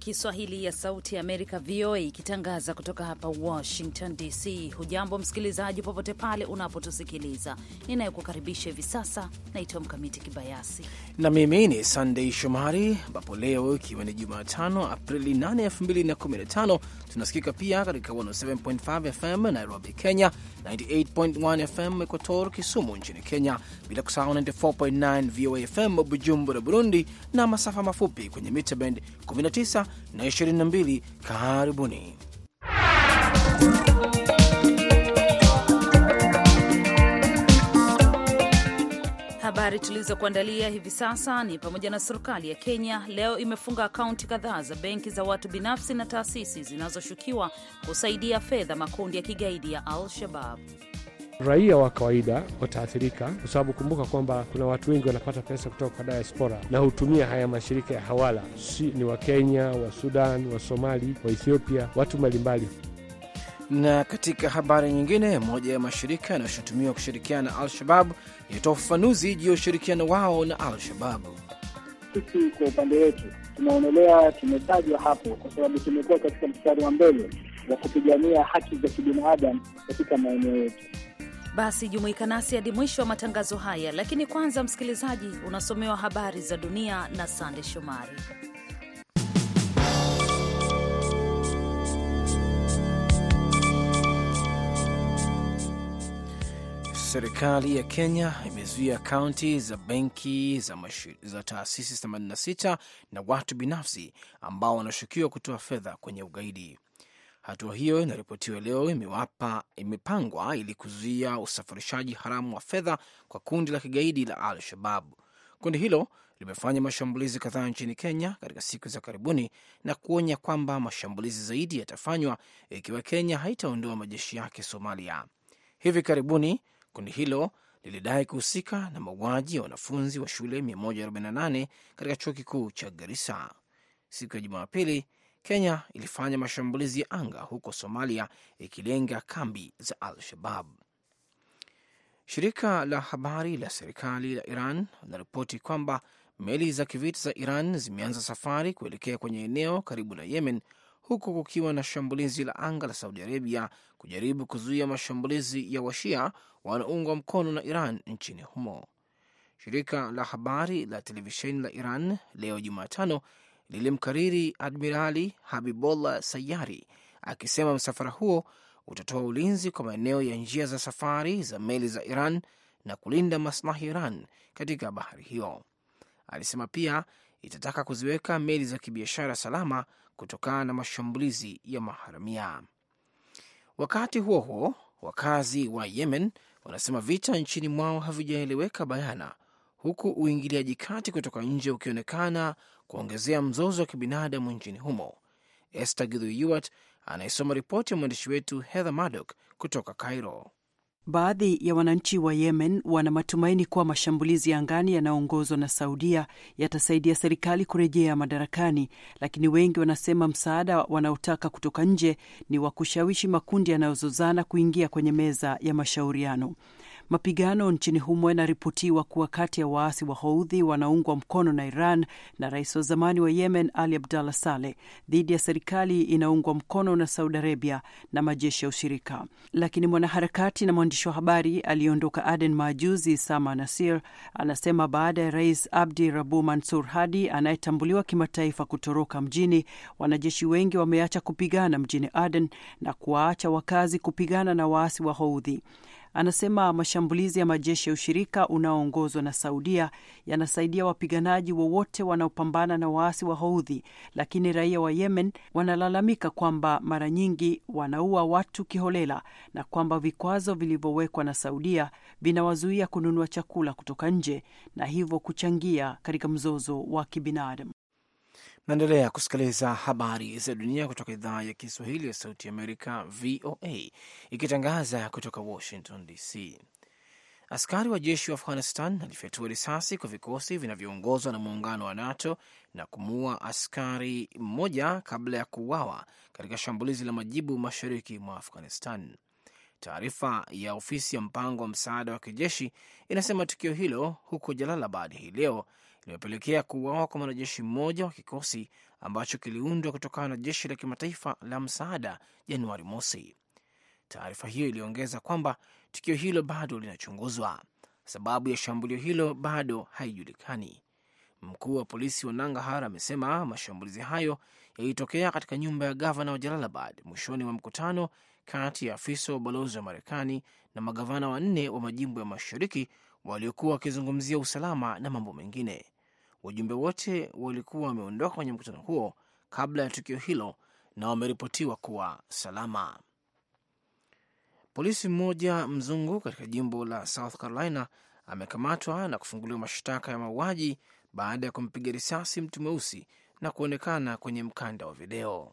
Kiswahili ya Sauti ya Amerika, VOA, ikitangaza kutoka hapa Washington DC. Hujambo msikilizaji, popote pale unapotusikiliza. Ninayekukaribisha hivi sasa naitwa Mkamiti Kibayasi na mimi ni Sandei Shomari, ambapo leo ikiwa ni Jumatano Aprili 8, 2015 Tunasikika pia katika 107.5 FM Nairobi, Kenya, 98.1 FM Equator Kisumu nchini Kenya, bila kusahau 94.9 VOA FM Bujumbura, Burundi, na masafa mafupi kwenye mita bend 19 na 22. Karibuni tulizokuandalia hivi sasa ni pamoja na serikali ya Kenya leo imefunga akaunti kadhaa za benki za watu binafsi na taasisi zinazoshukiwa kusaidia fedha makundi ya kigaidi ya Al-Shabab. Raia wa kawaida wataathirika, kwa sababu kumbuka kwamba kuna watu wengi wanapata pesa kutoka kwa diaspora na hutumia haya mashirika ya hawala, si ni Wakenya, wa Sudan, wa Somali, wa Ethiopia, watu mbalimbali. Na katika habari nyingine, moja ya mashirika yanayoshutumiwa kushirikiana na Al-Shabab yatoa ufafanuzi juu ya ushirikiano wao na Al-Shababu. Sisi kwa upande wetu tunaonelea tumetajwa hapo kwa sababu tumekuwa katika mstari wa mbele wa kupigania haki za kibinadamu katika maeneo yetu. Basi jumuika nasi hadi mwisho wa matangazo haya, lakini kwanza, msikilizaji, unasomewa habari za dunia na Sande Shomari. Serikali ya Kenya imezuia akaunti za benki za, za taasisi 86 na watu binafsi ambao wanashukiwa kutoa fedha kwenye ugaidi. Hatua hiyo inaripotiwa leo imewapa, imepangwa ili kuzuia usafirishaji haramu wa fedha kwa kundi la kigaidi la Al Shabab. Kundi hilo limefanya mashambulizi kadhaa nchini Kenya katika siku za karibuni na kuonya kwamba mashambulizi zaidi yatafanywa ikiwa Kenya haitaondoa majeshi yake Somalia. Hivi karibuni Kundi hilo lilidai kuhusika na mauaji ya wanafunzi wa shule 148 katika chuo kikuu cha Garissa. Siku ya Jumapili, Kenya ilifanya mashambulizi ya anga huko Somalia, ikilenga kambi za Al-Shabab. Shirika la habari la serikali la Iran linaripoti kwamba meli za kivita za Iran zimeanza safari kuelekea kwenye eneo karibu na Yemen huku kukiwa na shambulizi la anga la Saudi Arabia kujaribu kuzuia mashambulizi ya washia wanaoungwa mkono na Iran nchini humo. Shirika la habari la televisheni la Iran leo Jumatano lilimkariri Admirali Habibollah Sayari akisema msafara huo utatoa ulinzi kwa maeneo ya njia za safari za meli za Iran na kulinda maslahi Iran katika bahari hiyo. Alisema pia itataka kuziweka meli za kibiashara salama kutokana na mashambulizi ya maharamia. Wakati huo huo, wakazi wa Yemen wanasema vita nchini mwao havijaeleweka bayana, huku uingiliaji kati kutoka nje ukionekana kuongezea mzozo wa kibinadamu nchini humo. Esther Githu anayesoma ripoti ya mwandishi wetu Heather Maddock kutoka Cairo. Baadhi ya wananchi wa Yemen wana matumaini kuwa mashambulizi ya angani yanayoongozwa na Saudia yatasaidia serikali kurejea madarakani, lakini wengi wanasema msaada wanaotaka kutoka nje ni wa kushawishi makundi yanayozozana kuingia kwenye meza ya mashauriano. Mapigano nchini humo yanaripotiwa kuwa kati ya waasi wa Houthi wanaungwa mkono na Iran na rais wa zamani wa Yemen Ali Abdallah Saleh dhidi ya serikali inaungwa mkono na Saudi Arabia na majeshi ya ushirika. Lakini mwanaharakati na mwandishi wa habari aliyeondoka Aden maajuzi, Sama Nasir, anasema baada ya rais Abdi Rabu Mansur Hadi anayetambuliwa kimataifa kutoroka mjini, wanajeshi wengi wameacha kupigana mjini Aden na kuwaacha wakazi kupigana na waasi wa Houthi. Anasema mashambulizi ya majeshi ya ushirika unaoongozwa na Saudia yanasaidia wapiganaji wowote wa wanaopambana na waasi wa Houthi, lakini raia wa Yemen wanalalamika kwamba mara nyingi wanaua watu kiholela na kwamba vikwazo vilivyowekwa na Saudia vinawazuia kununua chakula kutoka nje na hivyo kuchangia katika mzozo wa kibinadamu. Naendelea kusikiliza habari za dunia kutoka idhaa ya Kiswahili ya Sauti Amerika, VOA, ikitangaza kutoka Washington DC. Askari wa jeshi wa Afghanistan alifyatua risasi kwa vikosi vinavyoongozwa na muungano wa NATO na kumuua askari mmoja kabla ya kuuawa katika shambulizi la majibu mashariki mwa Afghanistan. Taarifa ya ofisi ya mpango wa msaada wa kijeshi inasema tukio hilo huko Jalalabad hii leo limepelekea kuuawa kwa mwanajeshi mmoja wa kikosi ambacho kiliundwa kutokana na jeshi la kimataifa la msaada Januari mosi. Taarifa hiyo iliongeza kwamba tukio hilo bado linachunguzwa. Sababu ya shambulio hilo bado haijulikani. Mkuu wa polisi wa Nangahar amesema mashambulizi hayo yalitokea katika nyumba ya gavana wa Jalalabad mwishoni mwa mkutano kati ya afisa wa ubalozi wa Marekani na magavana wanne wa majimbo ya mashariki waliokuwa wakizungumzia usalama na mambo mengine. Wajumbe wote walikuwa wameondoka kwenye mkutano huo kabla ya tukio hilo na wameripotiwa kuwa salama. Polisi mmoja mzungu katika jimbo la South Carolina amekamatwa na kufunguliwa mashtaka ya mauaji baada ya kumpiga risasi mtu mweusi na kuonekana kwenye mkanda wa video.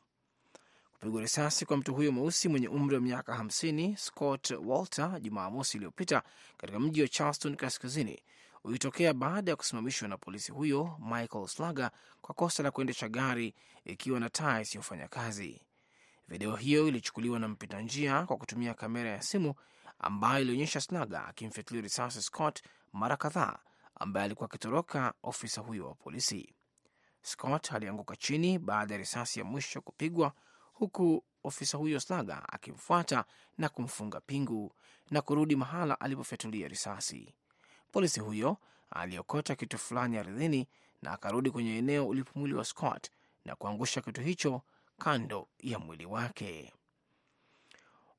Kupigwa risasi kwa mtu huyo mweusi mwenye umri wa miaka 50 Scott Walter Jumamosi iliyopita katika mji wa Charleston kaskazini ulitokea baada ya kusimamishwa na polisi huyo Michael Slager kwa kosa la kuendesha gari ikiwa na taa isiyofanya kazi. Video hiyo ilichukuliwa na mpita njia kwa kutumia kamera ya simu ambayo ilionyesha Slaga akimfyatulia risasi Scott mara kadhaa, ambaye alikuwa akitoroka ofisa huyo wa polisi. Scott alianguka chini baada ya risasi ya mwisho kupigwa, huku ofisa huyo Slaga akimfuata na kumfunga pingu na kurudi mahala alipofyatulia risasi. Polisi huyo aliokota kitu fulani ardhini na akarudi kwenye eneo ulipo mwili wa Scott na kuangusha kitu hicho kando ya mwili wake.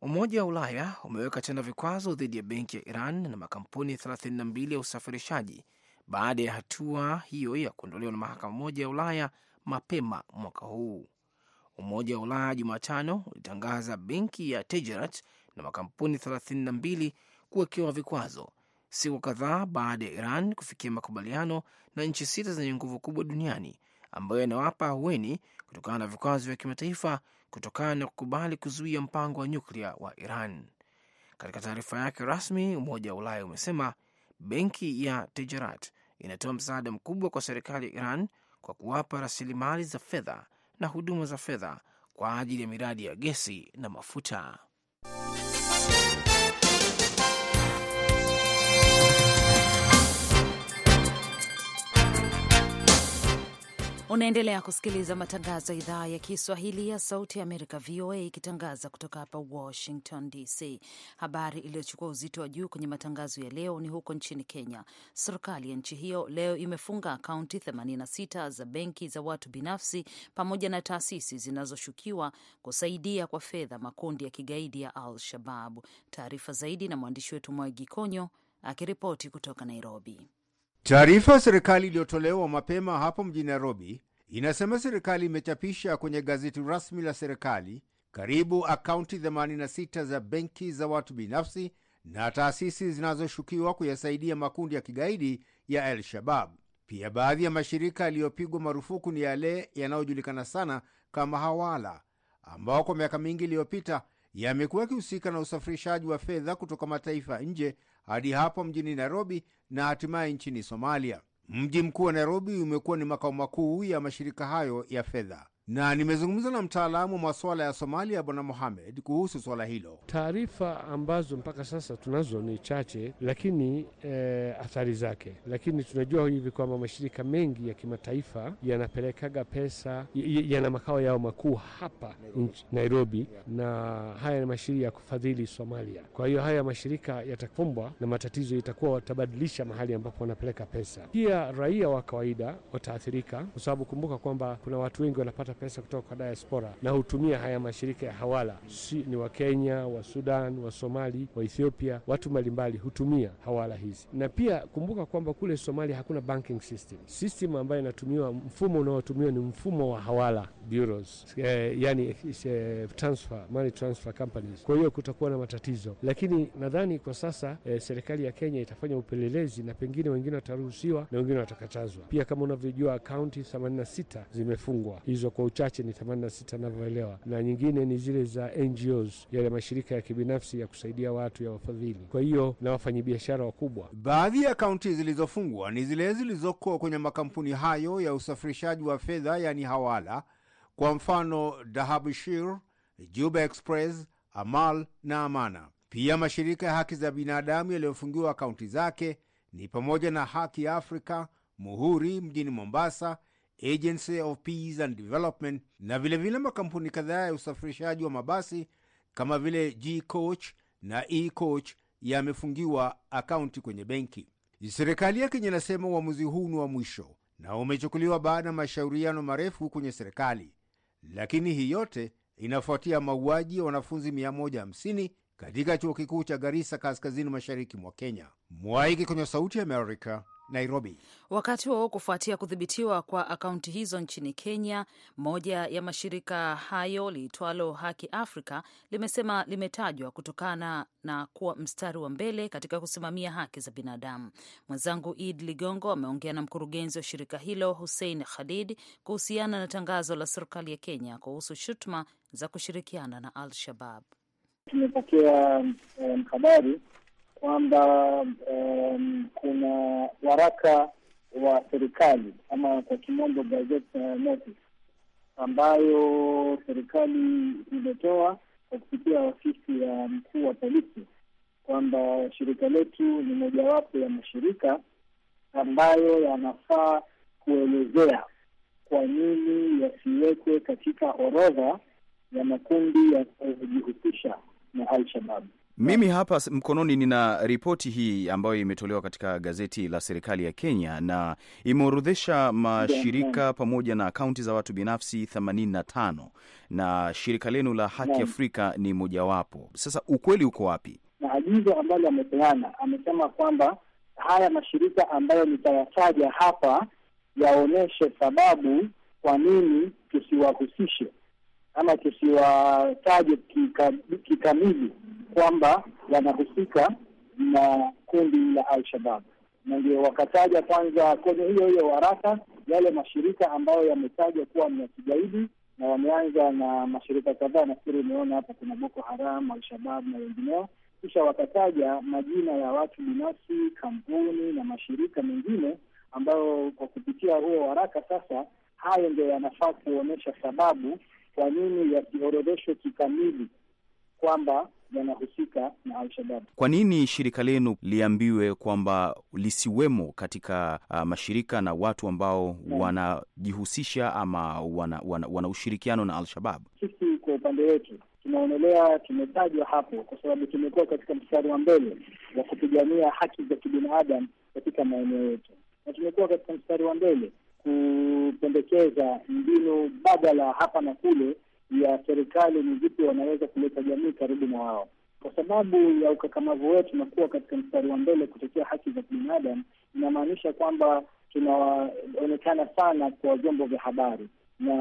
Umoja wa Ulaya umeweka tena vikwazo dhidi ya benki ya Iran na makampuni 32 ya usafirishaji baada ya hatua hiyo ya kuondolewa na mahakama moja ya Ulaya mapema mwaka huu. Umoja wa Ulaya Jumatano ulitangaza benki ya Tejerat na makampuni 32 kuwekewa vikwazo siku kadhaa baada ya Iran kufikia makubaliano na nchi sita zenye nguvu kubwa duniani ambayo inawapa ahueni kutokana na vikwazo vya kimataifa kutokana na kukubali kuzuia mpango wa nyuklia wa Iran. Katika taarifa yake rasmi, Umoja wa Ulaya umesema benki ya Tejerat inatoa msaada mkubwa kwa serikali ya Iran kwa kuwapa rasilimali za fedha na huduma za fedha kwa ajili ya miradi ya gesi na mafuta. Unaendelea kusikiliza matangazo ya idhaa ya Kiswahili ya Sauti ya Amerika, VOA, ikitangaza kutoka hapa Washington DC. Habari iliyochukua uzito wa juu kwenye matangazo ya leo ni huko nchini Kenya. Serikali ya nchi hiyo leo imefunga akaunti 86 za benki za watu binafsi pamoja na taasisi zinazoshukiwa kusaidia kwa fedha makundi ya kigaidi ya Al Shababu. Taarifa zaidi na mwandishi wetu Mwagi Konyo akiripoti kutoka Nairobi. Taarifa serikali iliyotolewa mapema hapo mjini Nairobi inasema serikali imechapisha kwenye gazeti rasmi la serikali karibu akaunti 86 za benki za watu binafsi na taasisi zinazoshukiwa kuyasaidia makundi ya kigaidi ya al Shabab. Pia baadhi ya mashirika yaliyopigwa marufuku ni yale yanayojulikana sana kama hawala, ambao kwa miaka mingi iliyopita yamekuwa yakihusika na usafirishaji wa fedha kutoka mataifa nje hadi hapo mjini Nairobi na hatimaye nchini Somalia. Mji mkuu wa Nairobi umekuwa ni makao makuu ya mashirika hayo ya fedha na nimezungumza na mtaalamu wa masuala ya Somalia Bwana Mohamed kuhusu swala hilo. Taarifa ambazo mpaka sasa tunazo ni chache, lakini e, athari zake, lakini tunajua hivi kwamba mashirika mengi ya kimataifa yanapelekaga pesa, yana makao yao makuu hapa Nairobi, Nairobi yeah. Na haya ni mashirika ya kufadhili Somalia. Kwa hiyo haya mashirika yatakumbwa na matatizo, itakuwa watabadilisha mahali ambapo wanapeleka pesa. Pia raia wa kawaida wataathirika, kwa sababu kumbuka kwamba kuna watu wengi wanapata pesa kutoka kwa diaspora na hutumia haya mashirika ya hawala, si ni Wakenya, wa Sudan, wa Somali, wa Ethiopia, watu mbalimbali hutumia hawala hizi. Na pia kumbuka kwamba kule Somalia hakuna banking system. System ambayo inatumiwa, mfumo unaotumiwa ni mfumo wa hawala bureaus, eh, yani eh, transfer, money transfer companies. Kwa hiyo kutakuwa na matatizo, lakini nadhani kwa sasa eh, serikali ya Kenya itafanya upelelezi na pengine wengine wataruhusiwa na wengine watakatazwa. Pia kama unavyojua, akaunti 86 zimefungwa hizo kwa uchache ni 86 anavyoelewa, na nyingine ni zile za NGOs, yale mashirika ya kibinafsi ya kusaidia watu ya wafadhili, kwa hiyo na wafanyabiashara wakubwa. Baadhi ya kaunti zilizofungwa ni zile zilizoko kwenye makampuni hayo ya usafirishaji wa fedha, yani hawala, kwa mfano Dahabshir, Juba Express, Amal na Amana. Pia mashirika ya haki za binadamu yaliyofungiwa kaunti zake ni pamoja na Haki ya Afrika, Muhuri mjini Mombasa, Agency of Peace and Development na vilevile vile makampuni kadhaa ya usafirishaji wa mabasi kama vile G Coach na E Coach yamefungiwa akaunti kwenye benki. Serikali ya Kenya inasema uamuzi huu ni wa mwisho na umechukuliwa baada ya mashauriano marefu kwenye serikali, lakini hii yote inafuatia mauaji ya wanafunzi 150 katika chuo kikuu cha Garissa kaskazini mashariki mwa Kenya. Mwaiki kwenye Sauti ya Amerika, Nairobi. Wakati huo kufuatia kudhibitiwa kwa akaunti hizo nchini Kenya, moja ya mashirika hayo liitwalo Haki Afrika limesema limetajwa kutokana na kuwa mstari wa mbele katika kusimamia haki za binadamu. Mwenzangu Id Ligongo ameongea na mkurugenzi wa shirika hilo Hussein Khalid kuhusiana na tangazo la serikali ya Kenya kuhusu shutuma za kushirikiana na Al-Shabab. Tumepokea um, habari kwamba um, waraka wa serikali ama kwa kimombo gazette notice ambayo serikali imetoa kwa kupitia ofisi ya mkuu wa polisi kwamba shirika letu ni mojawapo ya mashirika ambayo yanafaa kuelezea kwa nini yasiwekwe katika orodha ya makundi yanayojihusisha na Al-Shababu. Mimi hapa mkononi nina ripoti hii ambayo imetolewa katika gazeti la serikali ya Kenya na imeorodhesha mashirika pamoja na akaunti za watu binafsi 85 na shirika lenu la Haki Afrika ni mojawapo. Sasa ukweli uko wapi? Na agizo ambalo amepeana amesema kwamba haya mashirika ambayo nitayataja hapa yaonyeshe sababu kwa nini tusiwahusishe ama tusiwataje kikamili kwamba wanahusika na kundi la Al-Shabab, na ndio wakataja kwanza kwenye hiyo hiyo waraka yale mashirika ambayo yametajwa kuwa ni ya kigaidi, na wameanza na mashirika kadhaa. Nafikiri umeona hapa kuna Boko Haram, Al-Shabab na wengineo, kisha wakataja majina ya watu binafsi, kampuni na mashirika mengine ambayo kwa kupitia huo waraka sasa, hayo ndio yanafaa kuonyesha sababu kwa nini yasiorodheshwe kikamili kwamba yanahusika na alshabab Kwa nini shirika lenu liambiwe kwamba lisiwemo katika uh, mashirika na watu ambao wanajihusisha ama wana, wana, wana ushirikiano na alshabab Sisi kwa upande wetu tunaonelea tumetajwa hapo kwa sababu tumekuwa katika mstari wa mbele wa kupigania haki za kibinadamu katika maeneo yetu, na tumekuwa katika mstari wa mbele kupendekeza mbinu badala hapa na kule ya serikali, ni vipi wanaweza kuleta jamii karibu na wao. Kwa sababu ya ukakamavu wetu na kuwa katika mstari wa mbele kutetea haki za kibinadam inamaanisha kwamba tunaonekana sana kwa vyombo vya habari, na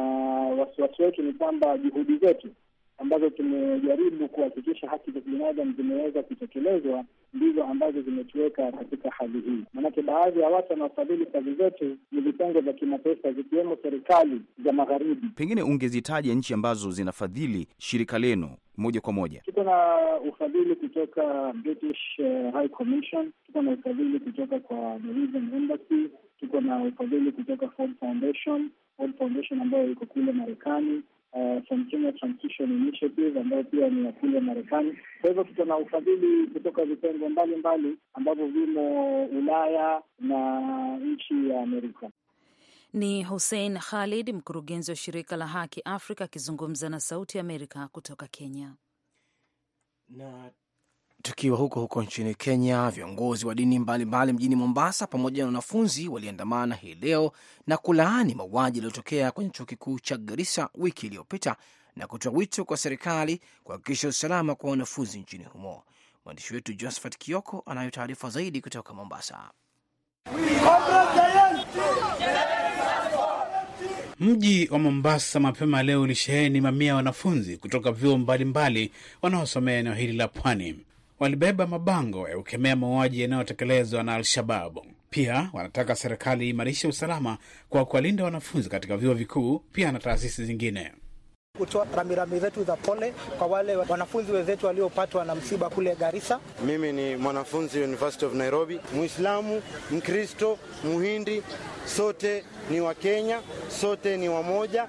wasiwasi wetu ni kwamba juhudi zetu ambazo tumejaribu kuhakikisha haki za kibinadamu zimeweza kutekelezwa ndizo ambazo zimetuweka katika hali hii. Maanake baadhi ya watu wanaofadhili kazi zetu ni vitengo vya kimataifa, zikiwemo serikali za Magharibi. Pengine ungezitaja nchi ambazo zinafadhili shirika lenu moja kwa moja. Tuko na ufadhili kutoka British eh, High Commission, tuko na ufadhili kutoka kwa Norwegian Embassy, tuko na ufadhili kutoka Ford Foundation, Ford Foundation ambayo iko kule Marekani. Consumer eh, Transition Initiative ambayo pia ni ya kule Marekani. Kwa hivyo tuko na ufadhili kutoka vitengo mbalimbali ambavyo vimo Ulaya na nchi ya Amerika. Ni Hussein Khalid, mkurugenzi wa shirika la Haki Afrika akizungumza na Sauti ya Amerika kutoka Kenya na Tukiwa huko huko nchini Kenya, viongozi wa dini mbalimbali mbali mjini Mombasa pamoja na wanafunzi waliandamana hii leo na kulaani mauaji yaliyotokea kwenye chuo kikuu cha Garissa wiki iliyopita na kutoa wito kwa serikali kuhakikisha usalama kwa wanafunzi nchini humo. Mwandishi wetu Josephat Kioko anayo taarifa zaidi kutoka Mombasa. Mji wa Mombasa mapema leo ulisheheni mamia ya wanafunzi kutoka vyuo mbalimbali wanaosomea eneo hili la pwani walibeba mabango ya kukemea mauaji yanayotekelezwa na al Pia wanataka serikali imarishe usalama kwa kuwalinda wanafunzi katika vyuo vikuu pia na taasisi zingine kutoa rambirambi zetu za pole kwa wale wanafunzi wenzetu waliopatwa na msiba kule Garissa. Mimi ni mwanafunzi University of Nairobi, Muislamu, Mkristo, Muhindi, sote ni Wakenya, sote ni wamoja.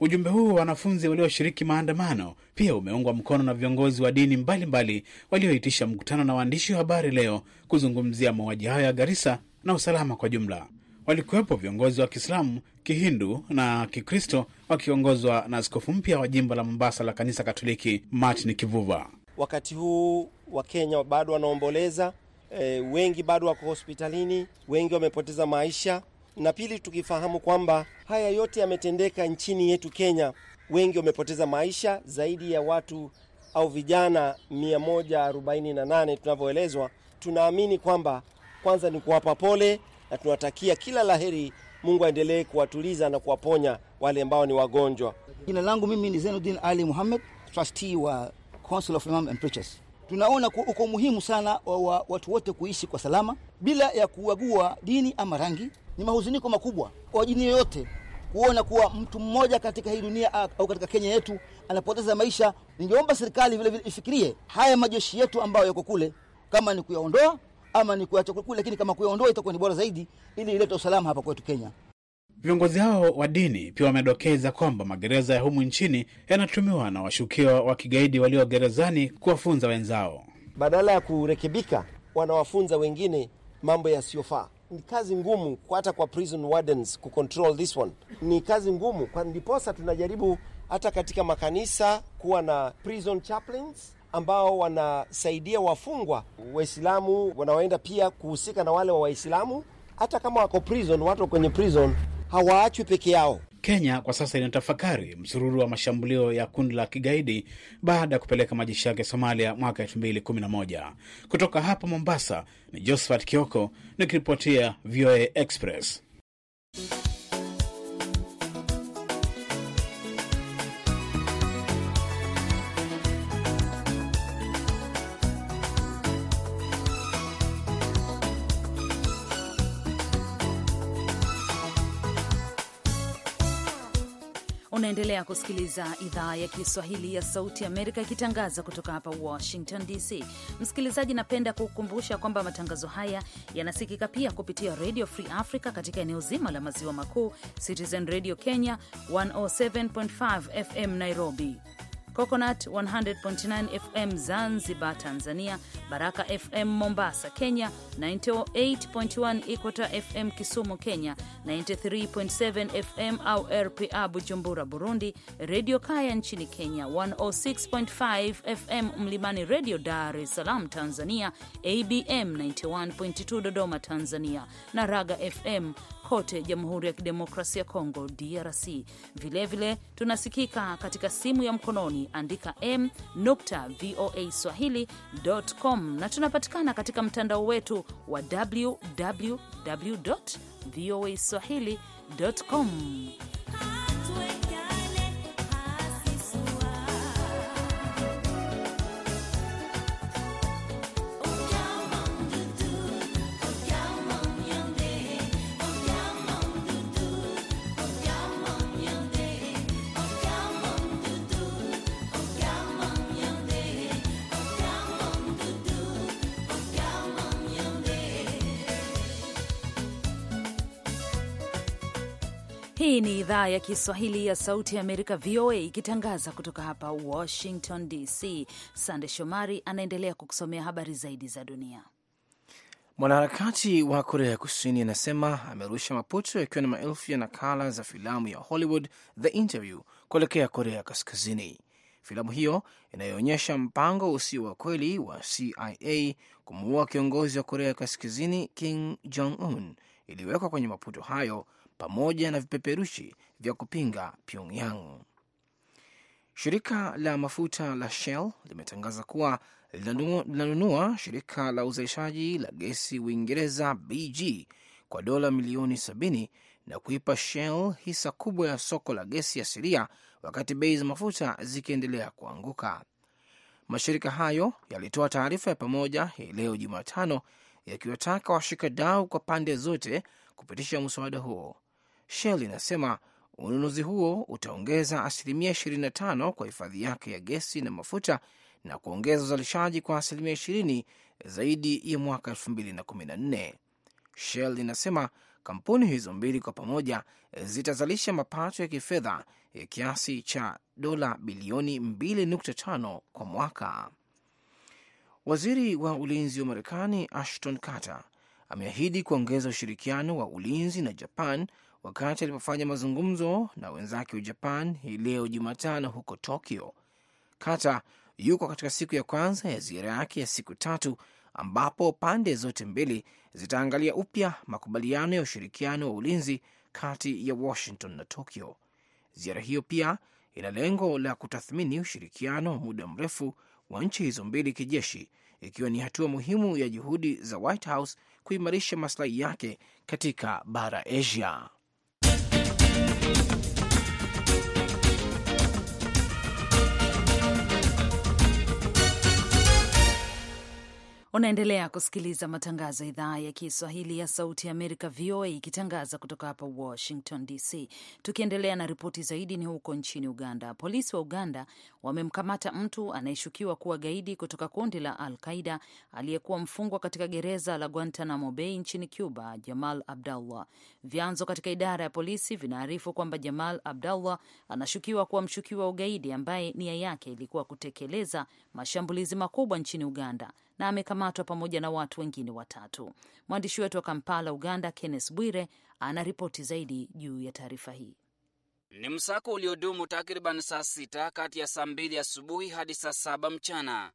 Ujumbe huu wa wanafunzi walioshiriki maandamano pia umeungwa mkono na viongozi wa dini mbalimbali walioitisha mkutano na waandishi wa habari leo kuzungumzia mauaji hayo ya Garissa na usalama kwa jumla. Walikuwepo viongozi wa Kiislamu, Kihindu na Kikristo wakiongozwa na askofu mpya wa jimbo la Mombasa la kanisa Katoliki Martin Kivuva. Wakati huu Wakenya bado wanaomboleza, e, wengi bado wako hospitalini, wengi wamepoteza maisha na pili, tukifahamu kwamba haya yote yametendeka nchini yetu Kenya, wengi wamepoteza maisha, zaidi ya watu au vijana 148 tunavyoelezwa. Tunaamini kwamba kwanza ni kuwapa pole na tunawatakia kila laheri. Mungu aendelee kuwatuliza na kuwaponya wale ambao ni wagonjwa. Jina langu mimi ni Zenudin Ali Muhammad, trustee wa Council of Imam and Preachers tunaona uko umuhimu sana wa, wa watu wote kuishi kwa salama bila ya kuagua dini ama rangi. Ni mahuzuniko makubwa kwa dini yoyote kuona kuwa mtu mmoja katika hii dunia au katika Kenya yetu anapoteza maisha. Ningeomba serikali vile vile ifikirie haya majeshi yetu ambayo yako kule, kama ni kuyaondoa ama ni kuyacha kule, lakini kama kuyaondoa itakuwa ni bora zaidi, ili ilete usalama hapa kwetu Kenya. Viongozi hao wa dini pia wamedokeza kwamba magereza ya humu nchini yanatumiwa na washukiwa wa kigaidi walio gerezani kuwafunza wenzao, badala ya kurekebika wanawafunza wengine mambo yasiyofaa. Ni kazi ngumu hata kwa prison wardens kucontrol this one, ni kazi ngumu kwa, ndiposa tunajaribu hata katika makanisa kuwa na prison chaplains ambao wanasaidia wafungwa Waislamu wanaoenda pia kuhusika na wale wa Waislamu hata kama wako prison, watu kwenye prison hawaachwi peke yao. Kenya kwa sasa inatafakari msururu wa mashambulio ya kundi la kigaidi baada ya kupeleka majeshi yake Somalia mwaka 2011. Kutoka hapa Mombasa ni Josephat Kioko nikiripotia VOA Express. Unaendelea kusikiliza idhaa ya Kiswahili ya Sauti Amerika ikitangaza kutoka hapa Washington DC. Msikilizaji, napenda kukukumbusha kwamba matangazo haya yanasikika pia kupitia Radio Free Africa katika eneo zima la maziwa makuu, Citizen Radio Kenya 107.5 FM Nairobi, Coconut 100.9 FM Zanzibar, Tanzania, Baraka FM Mombasa, Kenya, 98.1 Equator FM Kisumu, Kenya, 93.7 FM au RPA Bujumbura, Burundi, Redio Kaya nchini Kenya, 106.5 FM Mlimani Redio Dar es Salaam, Tanzania, ABM 91.2 Dodoma, Tanzania, na Raga FM kote Jamhuri ya Kidemokrasia ya Kongo, DRC. Vilevile vile, tunasikika katika simu ya mkononi, andika m voa swahili.com, na tunapatikana katika mtandao wetu wa www voa swahili.com. Hii ni idhaa ya Kiswahili ya Sauti ya Amerika, VOA, ikitangaza kutoka hapa Washington DC. Sande Shomari anaendelea kukusomea habari zaidi za dunia. Mwanaharakati wa Korea Kusini anasema amerusha maputo yakiwa na maelfu ya nakala za filamu ya Hollywood The Interview kuelekea Korea Kaskazini. Filamu hiyo inayoonyesha mpango usio wa kweli wa CIA kumuua kiongozi wa Korea Kaskazini Kim Jong Un iliwekwa kwenye maputo hayo pamoja na vipeperushi vya kupinga Pyongyang. Shirika la mafuta la Shell limetangaza kuwa linanunua shirika la uzalishaji la gesi Uingereza BG kwa dola milioni 70 na kuipa Shell hisa kubwa ya soko la gesi asilia wakati bei za mafuta zikiendelea kuanguka. Mashirika hayo yalitoa taarifa ya pamoja hii leo Jumatano yakiwataka washikadau kwa pande zote kupitisha mswada huo Shell inasema ununuzi huo utaongeza asilimia 25 kwa hifadhi yake ya gesi na mafuta na kuongeza uzalishaji kwa asilimia 20 zaidi ya mwaka 2014. Shell inasema kampuni hizo mbili kwa pamoja zitazalisha mapato ya kifedha ya kiasi cha dola bilioni 2.5 kwa mwaka. Waziri wa ulinzi wa Marekani Ashton Carter ameahidi kuongeza ushirikiano wa ulinzi na Japan wakati alipofanya mazungumzo na wenzake wa Japan hii leo Jumatano huko Tokyo. Kata yuko katika siku ya kwanza ya ziara yake ya siku tatu ambapo pande zote mbili zitaangalia upya makubaliano ya ushirikiano wa ulinzi kati ya Washington na Tokyo. Ziara hiyo pia ina lengo la kutathmini ushirikiano wa muda mrefu wa nchi hizo mbili kijeshi, ikiwa ni hatua muhimu ya juhudi za White House kuimarisha maslahi yake katika bara Asia. Unaendelea kusikiliza matangazo ya idhaa ya Kiswahili ya Sauti ya Amerika, VOA, ikitangaza kutoka hapa Washington DC. Tukiendelea na ripoti zaidi, ni huko nchini Uganda. Polisi wa Uganda wamemkamata mtu anayeshukiwa kuwa gaidi kutoka kundi la Al Qaida aliyekuwa mfungwa katika gereza la Guantanamo Bay nchini Cuba, Jamal Abdallah. Vyanzo katika idara ya polisi vinaarifu kwamba Jamal Abdallah anashukiwa kuwa mshukiwa wa ugaidi ambaye nia yake ilikuwa kutekeleza mashambulizi makubwa nchini Uganda na waliokamatwa pamoja na watu wengine watatu. Mwandishi wetu wa Kampala, Uganda, Kenneth Bwire anaripoti zaidi juu ya taarifa hii. Ni msako uliodumu takriban saa sita kati ya saa mbili asubuhi hadi saa saba mchana.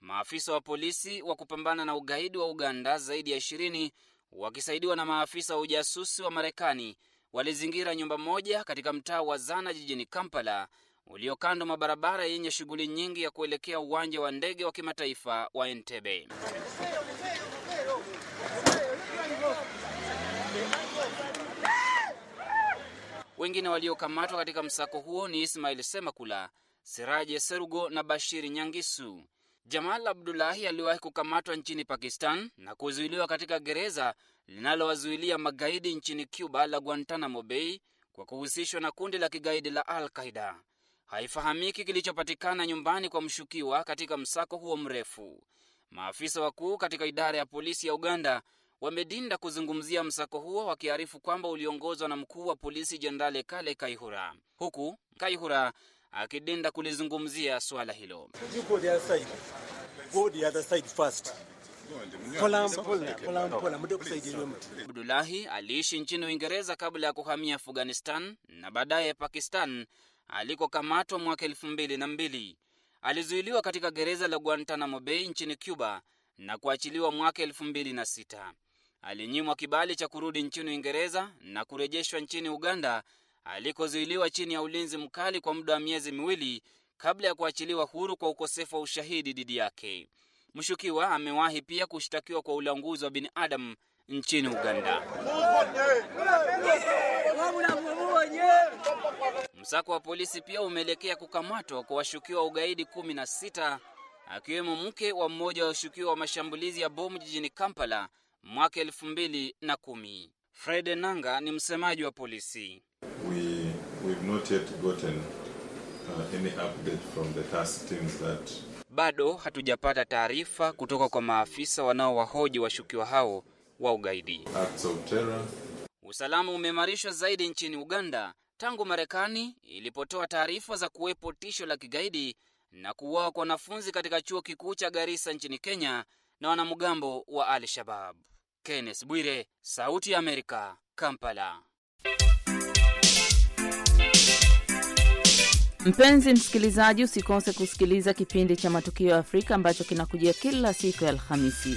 Maafisa wa polisi wa kupambana na ugaidi wa Uganda zaidi ya ishirini wakisaidiwa na maafisa wa ujasusi wa Marekani walizingira nyumba moja katika mtaa wa Zana jijini Kampala ulio kando mwa barabara yenye shughuli nyingi ya kuelekea uwanja wa ndege wa kimataifa wa Entebbe. Wengine waliokamatwa katika msako huo ni Ismail Semakula, Siraje Serugo na Bashiri Nyangisu. Jamal Abdulahi aliwahi kukamatwa nchini Pakistan na kuzuiliwa katika gereza linalowazuilia magaidi nchini Cuba la Guantanamo Bay kwa kuhusishwa na kundi la kigaidi la Al-Qaida. Haifahamiki kilichopatikana nyumbani kwa mshukiwa katika msako huo mrefu. Maafisa wakuu katika idara ya polisi ya Uganda wamedinda kuzungumzia msako huo wakiarifu kwamba uliongozwa na mkuu wa polisi Jenerali Kale Kaihura, huku Kaihura akidinda kulizungumzia suala hilo. Abdulahi aliishi nchini Uingereza kabla ya kuhamia Afghanistan na baadaye Pakistan alikokamatwa mwaka elfu mbili na mbili. Alizuiliwa katika gereza la Guantanamo Bay nchini Cuba na kuachiliwa mwaka elfu mbili na sita. Alinyimwa kibali cha kurudi nchini Uingereza na kurejeshwa nchini Uganda alikozuiliwa chini ya ulinzi mkali kwa muda wa miezi miwili kabla ya kuachiliwa huru kwa ukosefu wa ushahidi dhidi yake. Mshukiwa amewahi pia kushtakiwa kwa ulanguzi wa binadamu nchini Uganda. Msako wa polisi pia umeelekea kukamatwa kwa washukiwa ugaidi kumi na sita akiwemo mke wa mmoja wa washukiwa wa mashambulizi ya bomu jijini Kampala mwaka elfu mbili na kumi. Fred Nanga ni msemaji wa polisi. We, we've not yet gotten, uh, any update from the task teams that... Bado hatujapata taarifa kutoka kwa maafisa wanaowahoji washukiwa hao wa ugaidi. Usalama umeimarishwa zaidi nchini Uganda tangu Marekani ilipotoa taarifa za kuwepo tisho la kigaidi na kuuawa kwa wanafunzi katika chuo kikuu cha Garissa nchini Kenya na wanamgambo wa Al-Shabab. Kenneth Bwire, Sauti ya Amerika, Kampala. Mpenzi msikilizaji, usikose kusikiliza kipindi cha Matukio ya Afrika ambacho kinakujia kila siku ya Alhamisi.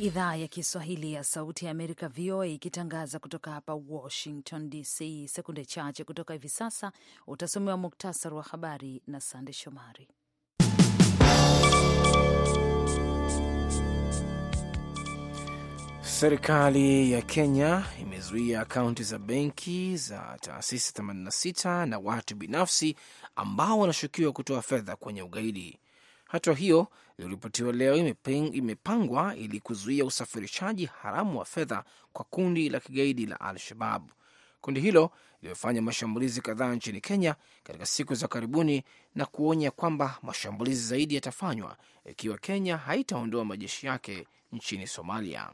idhaa ya Kiswahili ya Sauti ya Amerika, VOA, ikitangaza kutoka hapa Washington DC. Sekunde chache kutoka hivi sasa utasomewa muktasari wa habari na Sande Shomari. Serikali ya Kenya imezuia akaunti za benki za taasisi 86 na watu binafsi ambao wanashukiwa kutoa fedha kwenye ugaidi. Hatua hiyo iliyoripotiwa leo imepangwa ili kuzuia usafirishaji haramu wa fedha kwa kundi la kigaidi la Al-Shabab. Kundi hilo limefanya mashambulizi kadhaa nchini Kenya katika siku za karibuni na kuonya kwamba mashambulizi zaidi yatafanywa ikiwa Kenya haitaondoa majeshi yake nchini Somalia.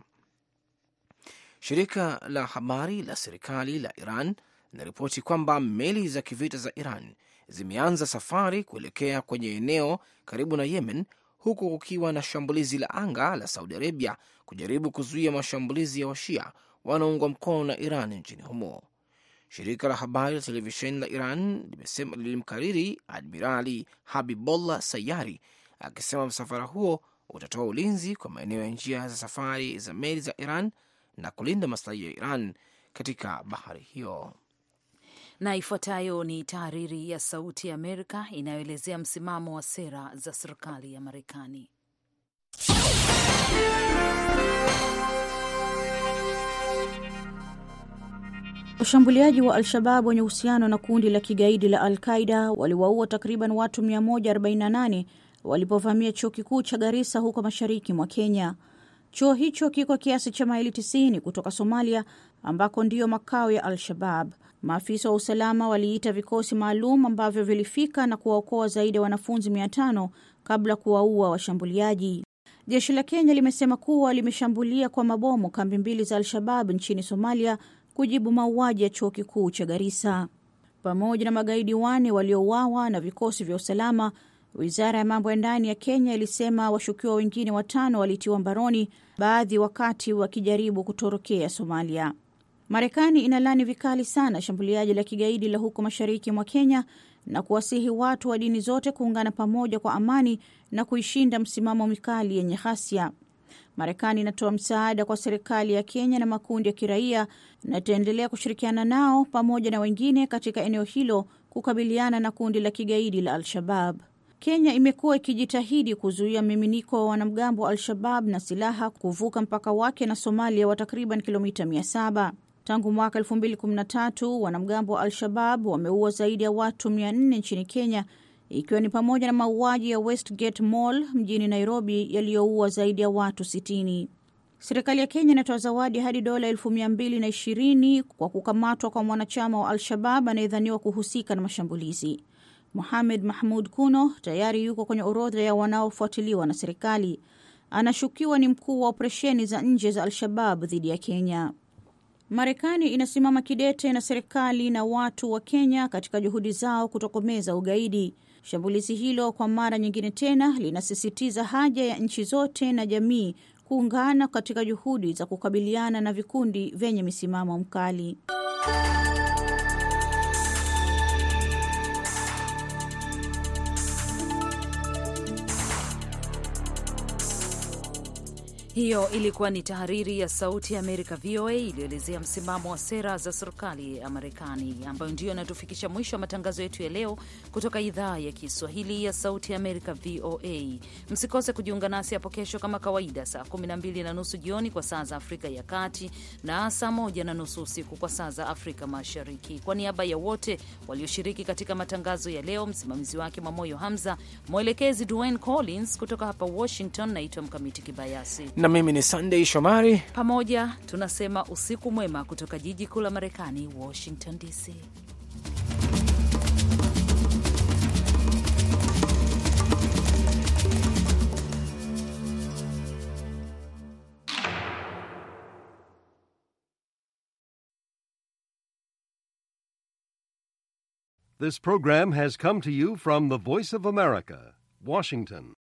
Shirika la habari la serikali la Iran linaripoti kwamba meli za kivita za Iran zimeanza safari kuelekea kwenye eneo karibu na Yemen, huku kukiwa na shambulizi la anga la Saudi Arabia kujaribu kuzuia mashambulizi ya Washia wanaungwa mkono na Iran nchini humo. Shirika la habari la televisheni la Iran limesema lilimkariri Admirali Habibollah Sayari akisema msafara huo utatoa ulinzi kwa maeneo ya njia za safari za meli za Iran na kulinda maslahi ya Iran katika bahari hiyo na ifuatayo ni tahariri ya Sauti ya Amerika inayoelezea msimamo wa sera za serikali ya Marekani. Washambuliaji wa Al-Shabab wenye uhusiano na kundi la kigaidi la Al-Qaida waliwaua takriban watu 148 walipovamia chuo kikuu cha Garissa huko mashariki mwa Kenya. Chuo hicho kiko kiasi cha maili 90 kutoka Somalia, ambako ndiyo makao ya Al-Shabab. Maafisa wa usalama waliita vikosi maalum ambavyo vilifika na kuwaokoa zaidi ya wanafunzi mia tano kabla kuwaua washambuliaji. Jeshi la Kenya limesema kuwa limeshambulia kwa mabomu kambi mbili za Al-Shabab nchini Somalia kujibu mauaji ya chuo kikuu cha Garissa pamoja na magaidi wane waliouawa na vikosi vya usalama. Wizara ya mambo ya ndani ya Kenya ilisema washukiwa wengine watano walitiwa mbaroni, baadhi wakati wakijaribu kutorokea Somalia. Marekani inalani vikali sana shambuliaji la kigaidi la huko mashariki mwa Kenya na kuwasihi watu wa dini zote kuungana pamoja kwa amani na kuishinda msimamo mikali yenye ghasia. Marekani inatoa msaada kwa serikali ya Kenya na makundi ya kiraia na itaendelea kushirikiana nao pamoja na wengine katika eneo hilo kukabiliana na kundi la kigaidi la Al-Shabab. Kenya imekuwa ikijitahidi kuzuia mmiminiko wa wanamgambo wa Al-Shabab na silaha kuvuka mpaka wake na Somalia wa takriban kilomita mia saba. Tangu mwaka 2013 wanamgambo wa Al-Shabab wameua zaidi ya watu 400 nchini Kenya, ikiwa ni pamoja na mauaji ya Westgate Mall mjini Nairobi yaliyoua zaidi ya watu 60. Serikali ya Kenya inatoa zawadi hadi dola elfu kwa kukamatwa kwa mwanachama wa Al-Shabab anayedhaniwa kuhusika na mashambulizi. Mohamed Mahmud Kuno tayari yuko kwenye orodha ya wanaofuatiliwa na serikali. Anashukiwa ni mkuu wa operesheni za nje za Al-Shabab dhidi ya Kenya. Marekani inasimama kidete na serikali na watu wa Kenya katika juhudi zao kutokomeza ugaidi. Shambulizi hilo kwa mara nyingine tena linasisitiza haja ya nchi zote na jamii kuungana katika juhudi za kukabiliana na vikundi vyenye misimamo mkali. Hiyo ilikuwa ni tahariri ya Sauti ya Amerika, VOA, iliyoelezea msimamo wa sera za serikali ya Marekani, ambayo ndiyo inatufikisha mwisho wa matangazo yetu ya leo kutoka idhaa ya Kiswahili ya Sauti ya Amerika, VOA. Msikose kujiunga nasi hapo kesho kama kawaida, saa 12 na nusu jioni kwa saa za Afrika ya Kati na saa 1 na nusu usiku kwa saa za Afrika Mashariki. Kwa niaba ya wote walioshiriki katika matangazo ya leo, msimamizi wake Mamoyo Hamza, mwelekezi Dwayne Collins, kutoka hapa Washington, naitwa Mkamiti Kibayasi. na mimi ni Sunday Shomari. Pamoja tunasema usiku mwema kutoka jiji kuu la Marekani, Washington DC. This program has come to you from the Voice of America, Washington.